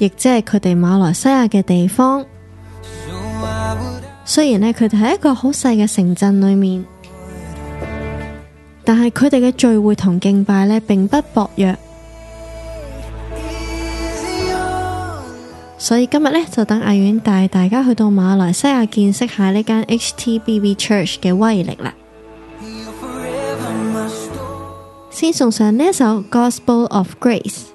亦即係佢哋馬來西亞嘅地方，雖然呢，佢哋喺一個好細嘅城鎮裏面，但係佢哋嘅聚會同敬拜呢並不薄弱，所以今日呢，就等藝苑帶大家去到馬來西亞見識下呢間 HTBB Church 嘅威力啦。先送上呢首 Gospel of Grace。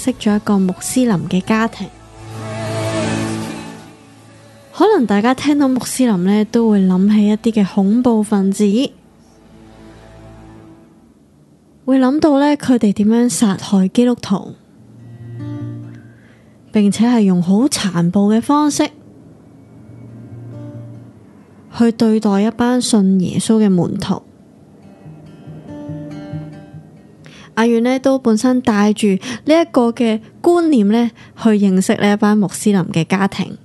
識咗一個穆斯林嘅家庭，可能大家聽到穆斯林呢都會諗起一啲嘅恐怖分子，會諗到呢佢哋點樣殺害基督徒，並且係用好殘暴嘅方式去對待一班信耶穌嘅門徒。阿遠呢都本身帶住呢一個嘅觀念呢去認識呢一班穆斯林嘅家庭，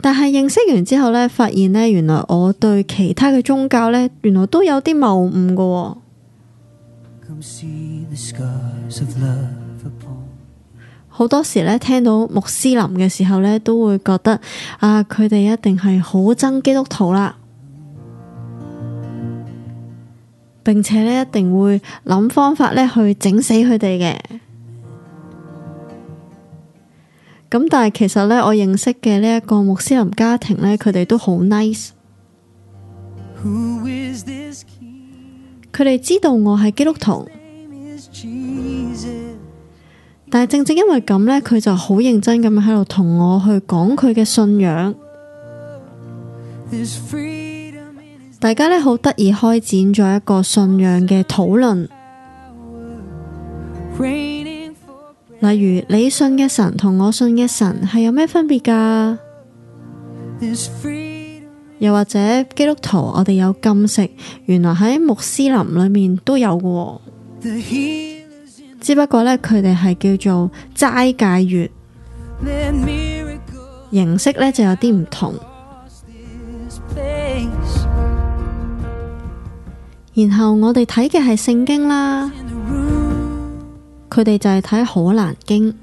但係認識完之後呢，發現呢，原來我對其他嘅宗教呢，原來都有啲謬誤㗎。好多時呢，聽到穆斯林嘅時候呢，都會覺得啊，佢哋一定係好憎基督徒啦。並且咧，一定會諗方法咧去整死佢哋嘅。咁但係其實咧，我認識嘅呢一個穆斯林家庭咧，佢哋都好 nice。佢哋知道我係基督徒，但係正正因為咁咧，佢就好認真咁喺度同我去講佢嘅信仰。大家咧好得意開展咗一個信仰嘅討論，例如你信嘅神同我信嘅神係有咩分別噶？又或者基督徒我哋有禁食，原來喺穆斯林裏面都有嘅，只不過呢，佢哋係叫做齋戒月，形式呢就有啲唔同。然後我哋睇嘅係聖經啦，佢哋就係睇可蘭經。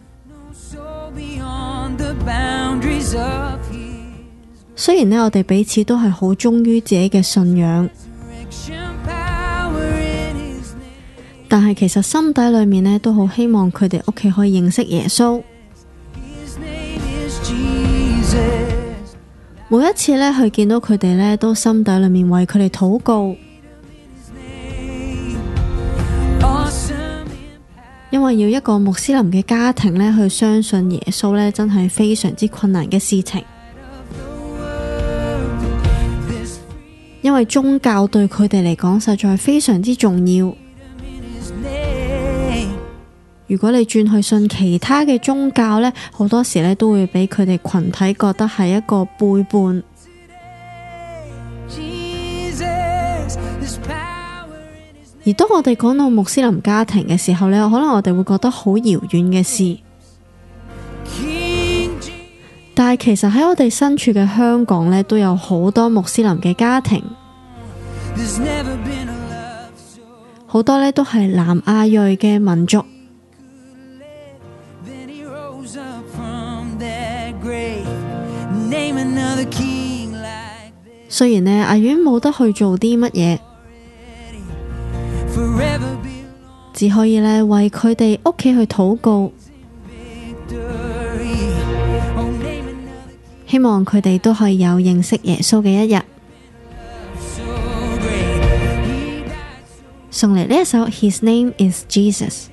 雖然呢，我哋彼此都係好忠於自己嘅信仰，但係其實心底裏面呢，都好希望佢哋屋企可以認識耶穌。每一次呢，去見到佢哋呢，都心底裏面為佢哋禱告。因為要一個穆斯林嘅家庭咧，去相信耶穌咧，真係非常之困難嘅事情。因為宗教對佢哋嚟講實在非常之重要。如果你轉去信其他嘅宗教咧，好多時咧都會俾佢哋群體覺得係一個背叛。而當我哋講到穆斯林家庭嘅時候咧，可能我哋會覺得好遙遠嘅事。James, 但係其實喺我哋身處嘅香港咧都有好多穆斯林嘅家庭，好、so、多咧都係南亞裔嘅民族。Live, gray, like、雖然呢，阿苑冇得去做啲乜嘢。只可以呢，為佢哋屋企去禱告，希望佢哋都可以有認識耶穌嘅一日。送嚟呢一首，His name is Jesus。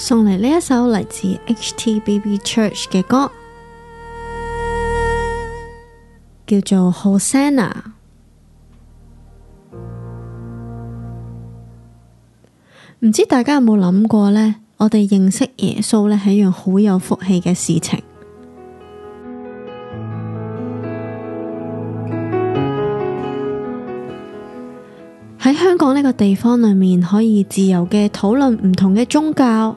送嚟呢一首嚟自 H T B B Church 嘅歌，叫做《Hosanna》。唔知大家有冇諗過呢？我哋認識耶穌呢係一樣好有福氣嘅事情。喺香港呢個地方裏面，可以自由嘅討論唔同嘅宗教。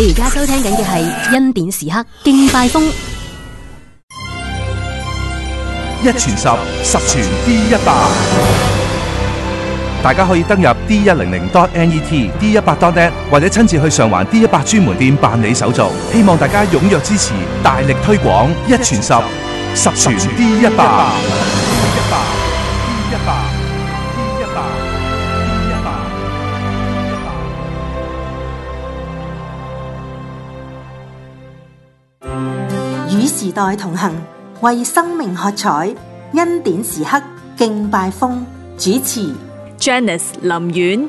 你而家收聽緊嘅係恩典時刻敬拜風，一傳十，十傳 D 一百，大家可以登入 D 一零零 dot net D 一百 dot net 或者親自去上環 D 一百專門店辦理手續。希望大家踊躍支持，大力推廣，一傳十，十傳 D 一百。時代同行，為生命喝彩，恩典時刻敬拜風。主持：Janice 林苑。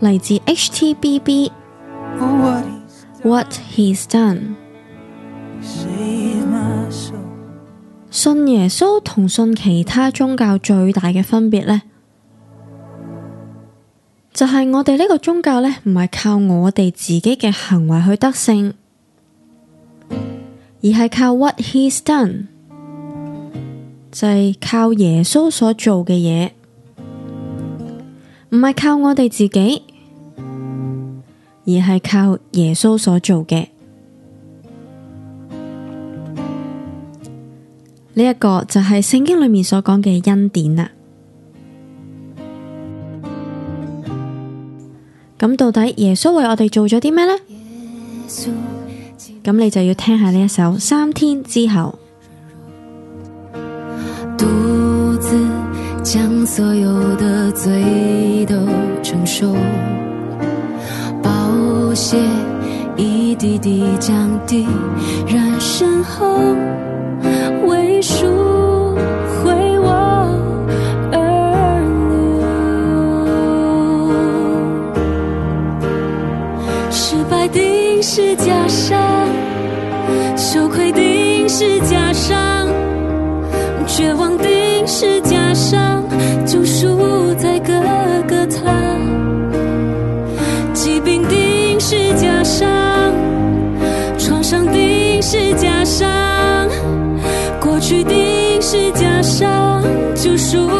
嚟自 HTBB，What he's done。信耶穌同信其他宗教最大嘅分別呢，就係、是、我哋呢個宗教呢，唔係靠我哋自己嘅行為去得勝，而係靠 What he's done，就係靠耶穌所做嘅嘢，唔係靠我哋自己。而係靠耶穌所做嘅，呢一個就係聖經裏面所講嘅恩典啦。咁到底耶穌為我哋做咗啲咩呢？咁你就要聽下呢一首《三天之後》。獨自將所有的罪都承受妥協，一滴滴降低，然身後為贖回我而流。失敗定是假象，羞愧定是假象，絕望定是假象。是假象，過去定是假象。救贖。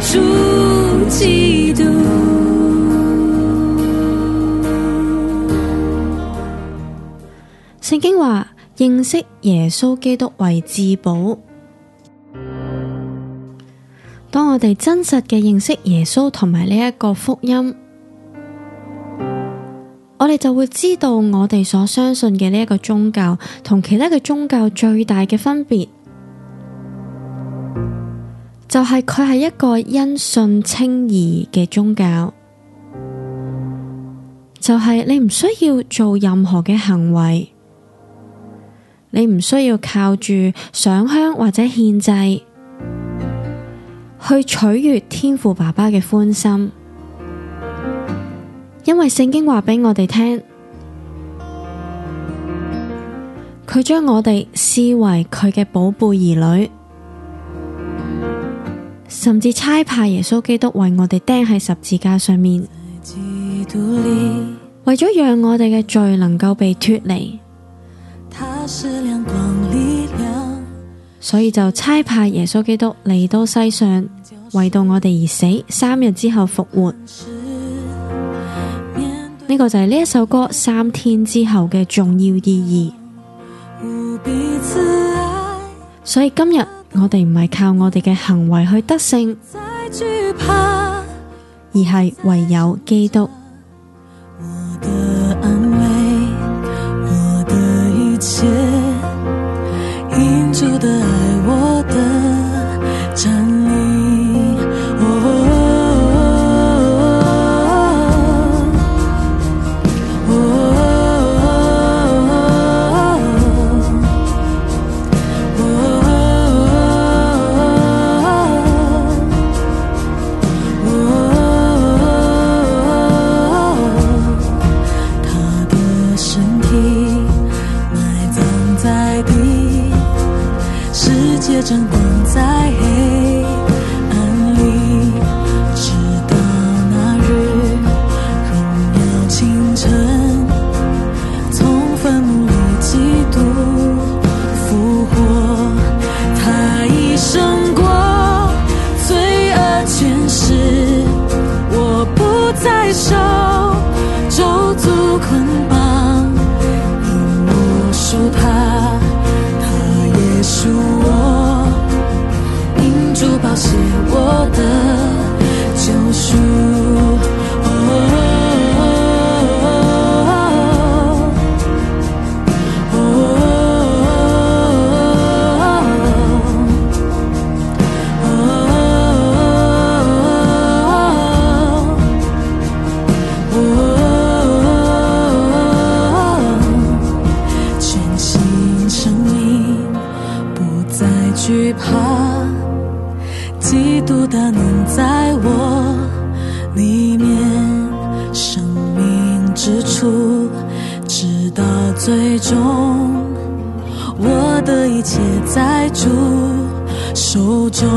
主基督。聖經話：認識耶穌基督為至寶。當我哋真實嘅認識耶穌同埋呢一個福音，我哋就會知道我哋所相信嘅呢一個宗教同其他嘅宗教最大嘅分別。就係佢係一個因信稱義嘅宗教，就係你唔需要做任何嘅行為，你唔需要靠住上香或者獻祭去取悅天父爸爸嘅歡心，因為聖經話俾我哋聽，佢將我哋視為佢嘅寶貝兒女。甚至差派耶穌基督為我哋釘喺十字架上面，為咗讓我哋嘅罪能夠被脫離，所以就差派耶穌基督嚟到世上，為到我哋而死，三日之後復活。呢個就係呢一首歌三天之後嘅重要意義。所以今日。我哋唔係靠我哋嘅行為去得勝，而係唯有基督。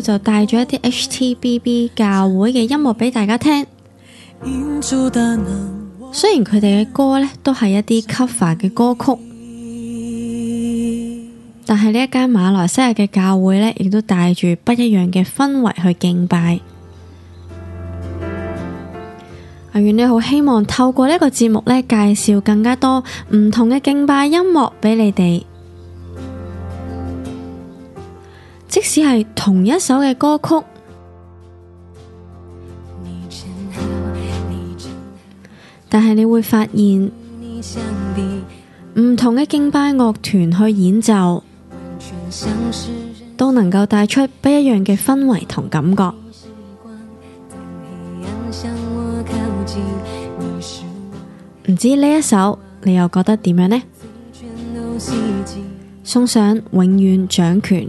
就帶咗一啲 HTBB 教會嘅音樂俾大家聽。雖然佢哋嘅歌呢都係一啲 cover 嘅歌曲，但係呢一間馬來西亞嘅教會呢，亦都帶住不一樣嘅氛圍去敬拜。阿原，你好，希望透過呢個節目呢，介紹更加多唔同嘅敬拜音樂俾你哋。即使係同一首嘅歌曲，但係你會發現，唔同嘅敬拜樂團去演奏，都能夠帶出不一樣嘅氛圍同感覺。唔知呢一首你又覺得點樣呢細細？送上永遠掌權。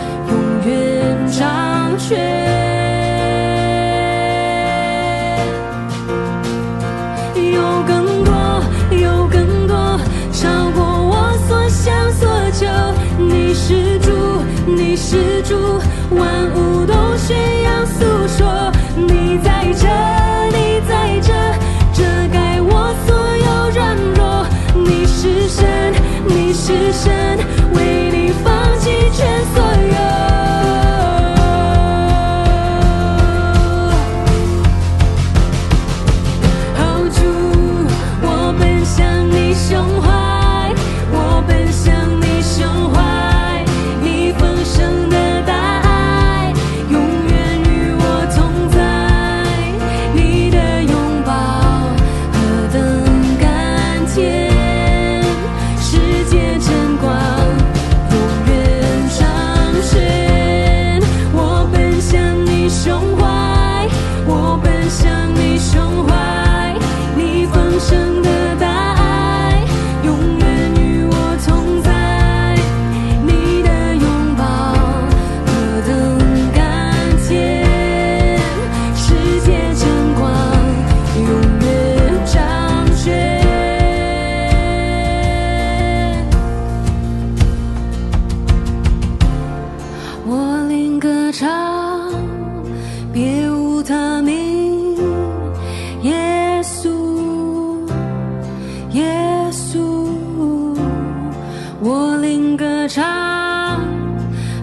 駝鈴歌唱，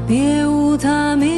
別無他名。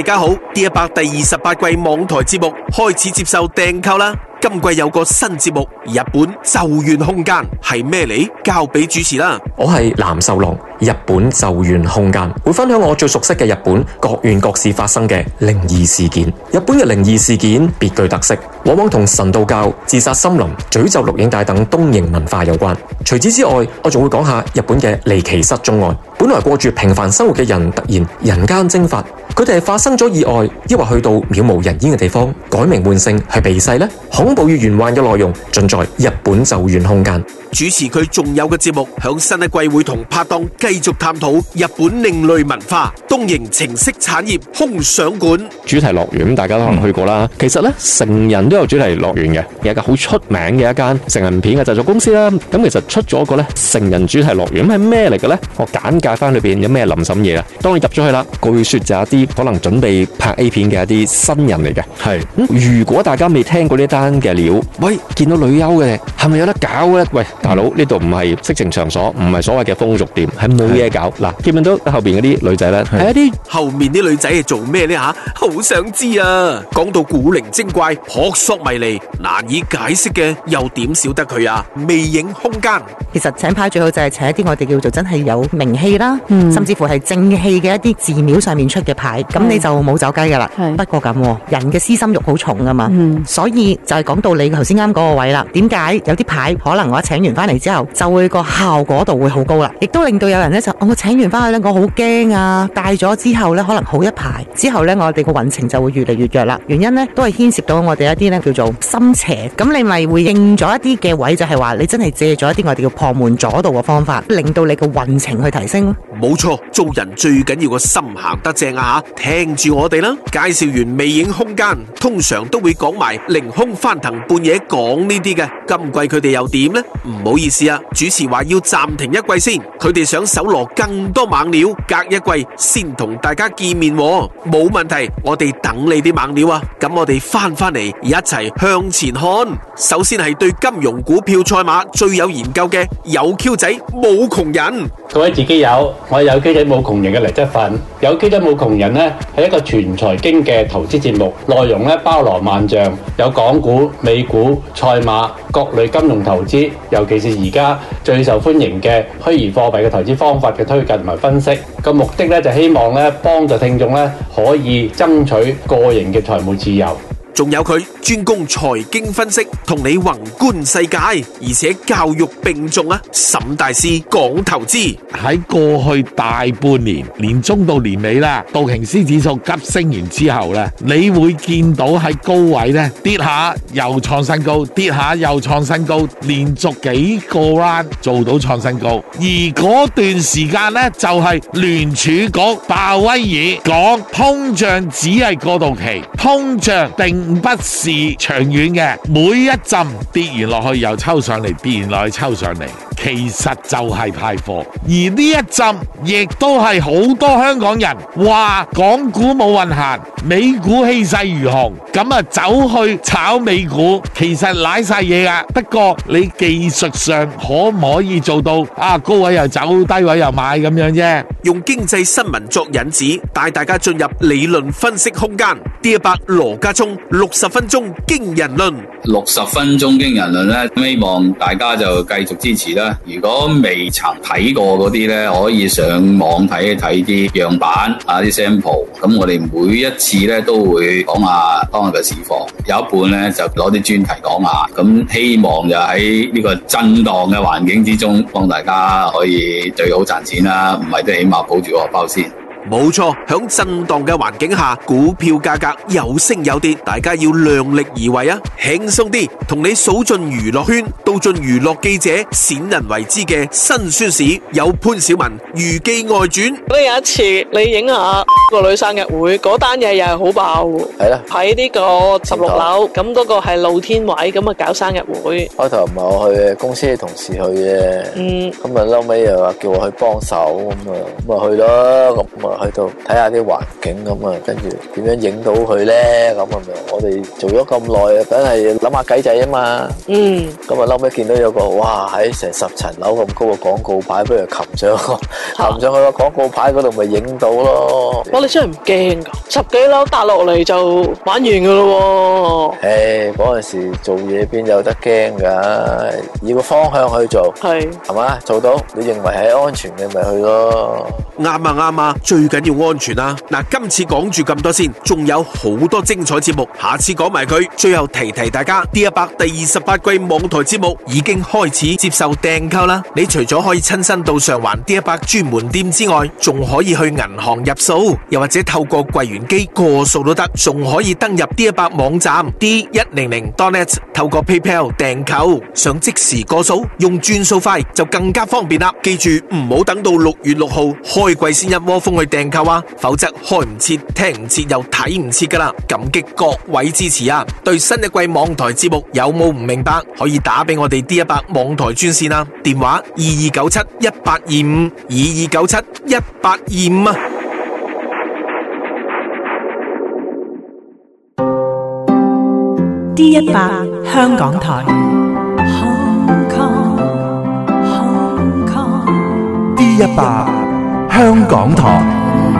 大家好，D 一百第二十八季網台節目開始接受訂購啦。今季有個新節目《日本咒怨空間》，係咩嚟？交俾主持啦。我係藍秀龍，《日本咒怨空間》會分享我最熟悉嘅日本各縣各市發生嘅靈異事件。日本嘅靈異事件別具特色。往往同神道教、自殺森林、詛咒錄影帶等東瀛文化有關。除此之外，我仲會講下日本嘅離奇失蹤案。本來過住平凡生活嘅人，突然人間蒸發，佢哋係發生咗意外，抑或去到渺無人煙嘅地方，改名換姓去避世呢？恐怖與懸幻嘅內容盡在日本咒怨空間。主持佢仲有嘅節目，向新一季會同拍檔繼續探討日本另類文化、東瀛情色產業、空想館主題樂園。大家都可能去過啦。嗯。其實呢，成人。都有主題樂園嘅，有一間好出名嘅一間成人片嘅製作公司啦。咁其實出咗一個咧成人主題樂園，咁係咩嚟嘅咧？我簡介翻裏邊有咩林沈嘢啦。當你入咗去啦，據說就一啲可能準備拍 A 片嘅一啲新人嚟嘅。係，咁如果大家未聽過呢單嘅料，喂，見到女優嘅，係咪有得搞咧？喂，大佬，呢度唔係色情場所，唔係所謂嘅風俗店，係冇嘢搞。嗱，見到後邊嗰啲女仔咧，係一啲後面啲女仔係做咩咧？吓，好想知啊！講到古靈精怪，撲～索迷離難以解釋嘅，又點少得佢啊？未影空間其實請牌最好就係請一啲我哋叫做真係有名氣啦，嗯、甚至乎係正氣嘅一啲寺廟上面出嘅牌，咁、嗯、你就冇走雞噶啦、嗯。不過咁人嘅私心欲好重噶嘛、嗯，所以就係講到你頭先啱嗰個位啦。點解有啲牌可能我請完翻嚟之後就會個效果度會好高啦？亦都令到有人呢，就我請完翻去呢，我好驚啊！戴咗之後呢，可能好一排之後呢，我哋個運程就會越嚟越弱啦。原因呢，都係牽涉到我哋一啲。咧叫做心邪，咁你咪會應咗一啲嘅位，就係話你真係借咗一啲我哋嘅破門阻道嘅方法，令到你個運程去提升咯。冇錯，做人最緊要個心行得正啊！吓，聽住我哋啦。介紹完未影空間，通常都會講埋凌空翻騰半野講呢啲嘅。今季佢哋又點呢？唔好意思啊，主持話要暫停一季先，佢哋想搜羅更多猛料，隔一季先同大家見面。冇問題，我哋等你啲猛料啊！咁我哋翻翻嚟一。一齊向前看。首先係對金融股票賽馬最有研究嘅有 Q 仔冇窮人，各位自己有我有 Q 仔冇窮人嘅嚟一份。有 Q 仔冇窮人呢係一個全財經嘅投資節目，內容呢，包羅萬象，有港股、美股、賽馬各類金融投資，尤其是而家最受歡迎嘅虛擬貨幣嘅投資方法嘅推介同埋分析。個目的呢就希望呢幫助聽眾呢可以爭取個人嘅財務自由。仲有佢專攻財經分析，同你宏觀世界，而且教育並重啊！沈大師講投資喺過去大半年，年中到年尾啦，道瓊斯指數急升完之後咧，你會見到喺高位咧跌下又創新高，跌下又創新高，連續幾個 round 做到創新高，而嗰段時間咧就係聯儲局鮑威爾講通脹只係過渡期，通脹定。不是長遠嘅。每一浸跌完落去，又抽上嚟；跌完落去，抽上嚟。其實就係派貨，而呢一浸亦都係好多香港人話港股冇運行，美股氣勢如虹，咁啊走去炒美股，其實瀨晒嘢噶。不過你技術上可唔可以做到啊？高位又走，低位又買咁樣啫。用經濟新聞作引子，帶大家進入理論分析空間。D 一百羅家聰六十分鐘驚人論，六十分鐘驚人論呢，希望大家就繼續支持啦。如果未曾睇過嗰啲呢，可以上網睇一睇啲樣板啊，啲 sample。咁我哋每一次呢，都會講下當日嘅市況，有一半呢，就攞啲專題講下。咁希望就喺呢個震盪嘅環境之中，幫大家可以最好賺錢啦，唔係都起碼保住個包先。冇錯，響震蕩嘅環境下，股票價格有升有跌，大家要量力而為啊，輕鬆啲。同你數盡娛樂圈道盡娛樂記者鮮為人知嘅辛酸史，有潘小文娛記外傳。呢有一次你影下個女生日會，嗰單嘢又係好爆。係啦，喺呢個十六樓，咁嗰個係露天位，咁啊搞生日會。開頭唔係我去公司嘅同事去嘅，咁、嗯、啊，嬲尾又話叫我去幫手，咁啊，咁啊去啦咁啊。去到睇下啲環境咁啊，跟住點樣影到佢咧？咁啊，咪我哋做咗咁耐啊，梗係諗下計仔啊嘛。嗯。咁啊，嬲尾見到有個哇喺成十層樓咁高嘅廣告牌，不如擒上去，擒上去個廣告牌嗰度咪影到咯。我哋真係唔驚㗎，十幾樓搭落嚟就玩完㗎咯喎。誒，嗰陣時做嘢邊有得驚㗎？依個方向去做係係嘛？做到你認為係安全嘅咪去咯。啱啊啱啊！最最緊要安全啦，啊！嗱，啊，今次講住咁多先，仲有好多精彩節目，下次講埋佢。最後提提大家，D100 第二十八季網台節目已經開始接受訂購啦！你除咗可以親身到上環 D100 專門店之外，仲可以去銀行入數，又或者透過櫃員機過數都得，仲可以登入 D100 網站 D100.net 透過 PayPal 訂購，想即時過數用轉數快就更加方便啦！記住唔好等到六月六號開季先一窩蜂去。訂購啊，否則開唔切，聽唔切又睇唔切噶啦！感激各位支持啊！對新一季網台節目有冇唔明白？可以打俾我哋 D100 網台專線啊，電話二二九七一八二五二二九七一八二五啊！D100 香港台，D100 香港台。Hong Kong, Hong Kong, D100,